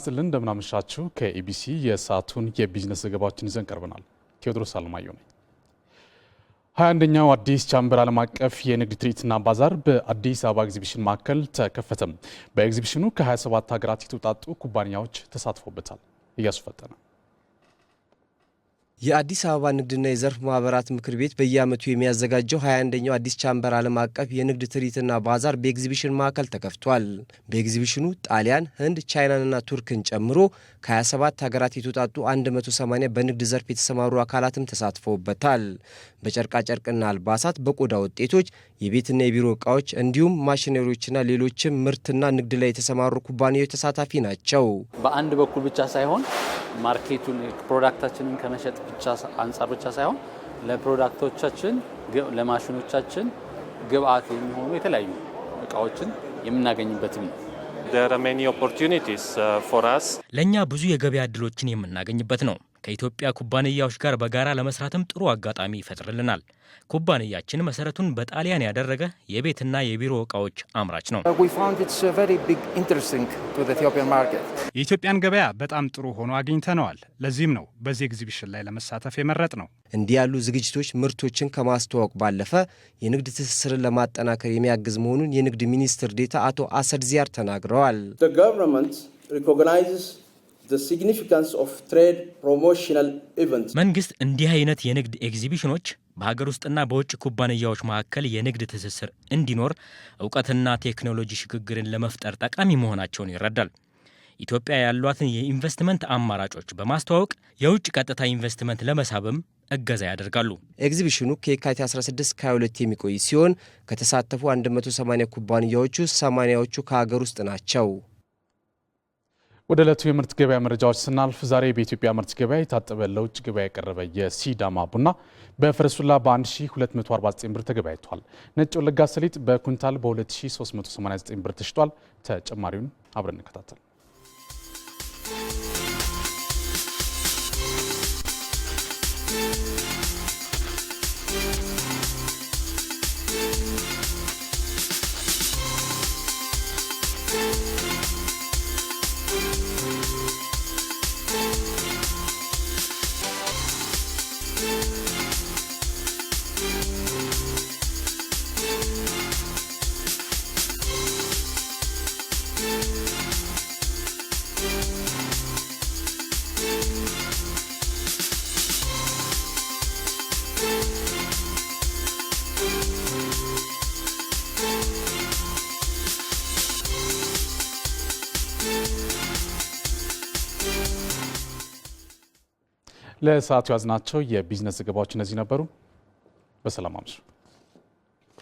ስትልን እንደምናመሻችሁ ከኢቢሲ የሰዓቱን የቢዝነስ ዘገባዎችን ይዘን ቀርበናል። ቴዎድሮስ አለማየሁ ነኝ። ሀያ አንደኛው አዲስ ቻምበር ዓለም አቀፍ የንግድ ትርኢትና ባዛር በአዲስ አበባ ኤግዚቢሽን ማዕከል ተከፈተም። በኤግዚቢሽኑ ከ27 ሀገራት የተውጣጡ ኩባንያዎች ተሳትፎበታል። እያስፈጠነ የአዲስ አበባ ንግድና የዘርፍ ማህበራት ምክር ቤት በየዓመቱ የሚያዘጋጀው 21 አንደኛው አዲስ ቻምበር ዓለም አቀፍ የንግድ ትርኢትና ባዛር በኤግዚቢሽን ማዕከል ተከፍቷል። በኤግዚቢሽኑ ጣሊያን፣ ህንድ፣ ቻይናንና ቱርክን ጨምሮ ከ27 ሀገራት የተውጣጡ 180 በንግድ ዘርፍ የተሰማሩ አካላትም ተሳትፈውበታል። በጨርቃጨርቅና አልባሳት፣ በቆዳ ውጤቶች፣ የቤትና የቢሮ እቃዎች እንዲሁም ማሽነሪዎችና ሌሎችም ምርትና ንግድ ላይ የተሰማሩ ኩባንያዎች ተሳታፊ ናቸው። በአንድ በኩል ብቻ ሳይሆን ማርኬቱን ፕሮዳክታችንን ከመሸጥ ብቻ አንጻር ብቻ ሳይሆን ለፕሮዳክቶቻችን ለማሽኖቻችን ግብአት የሚሆኑ የተለያዩ እቃዎችን የምናገኝበትም ነው። uh, ለእኛ ብዙ የገበያ እድሎችን የምናገኝበት ነው። ከኢትዮጵያ ኩባንያዎች ጋር በጋራ ለመስራትም ጥሩ አጋጣሚ ይፈጥርልናል። ኩባንያችን መሰረቱን በጣሊያን ያደረገ የቤትና የቢሮ እቃዎች አምራች ነው። የኢትዮጵያን ገበያ በጣም ጥሩ ሆኖ አግኝተነዋል። ለዚህም ነው በዚህ ኤግዚቢሽን ላይ ለመሳተፍ የመረጥ ነው። እንዲህ ያሉ ዝግጅቶች ምርቶችን ከማስተዋወቅ ባለፈ የንግድ ትስስርን ለማጠናከር የሚያግዝ መሆኑን የንግድ ሚኒስትር ዴታ አቶ አሰድ ዚያር ተናግረዋል። መንግስት እንዲህ አይነት የንግድ ኤግዚቢሽኖች በሀገር ውስጥና በውጭ ኩባንያዎች መካከል የንግድ ትስስር እንዲኖር እውቀትና ቴክኖሎጂ ሽግግርን ለመፍጠር ጠቃሚ መሆናቸውን ይረዳል። ኢትዮጵያ ያሏትን የኢንቨስትመንት አማራጮች በማስተዋወቅ የውጭ ቀጥታ ኢንቨስትመንት ለመሳብም እገዛ ያደርጋሉ። ኤግዚቢሽኑ ከየካቲት 16 22 የሚቆይ ሲሆን ከተሳተፉ 180 ኩባንያዎቹ 80ዎቹ ከሀገር ውስጥ ናቸው። ወደ ዕለቱ የምርት ገበያ መረጃዎች ስናልፍ ዛሬ በኢትዮጵያ ምርት ገበያ የታጠበ ለውጭ ገበያ የቀረበ የሲዳማ ቡና በፈረሱላ በ1249 ብር ተገበያይቷል። ነጭ ወለጋ ሰሊጥ በኩንታል በ2389 ብር ተሽጧል። ተጨማሪውን አብረን እንከታተል። ለሰዓቱ ያዝናቸው የቢዝነስ ዘገባዎች እነዚህ ነበሩ። በሰላም አምሽ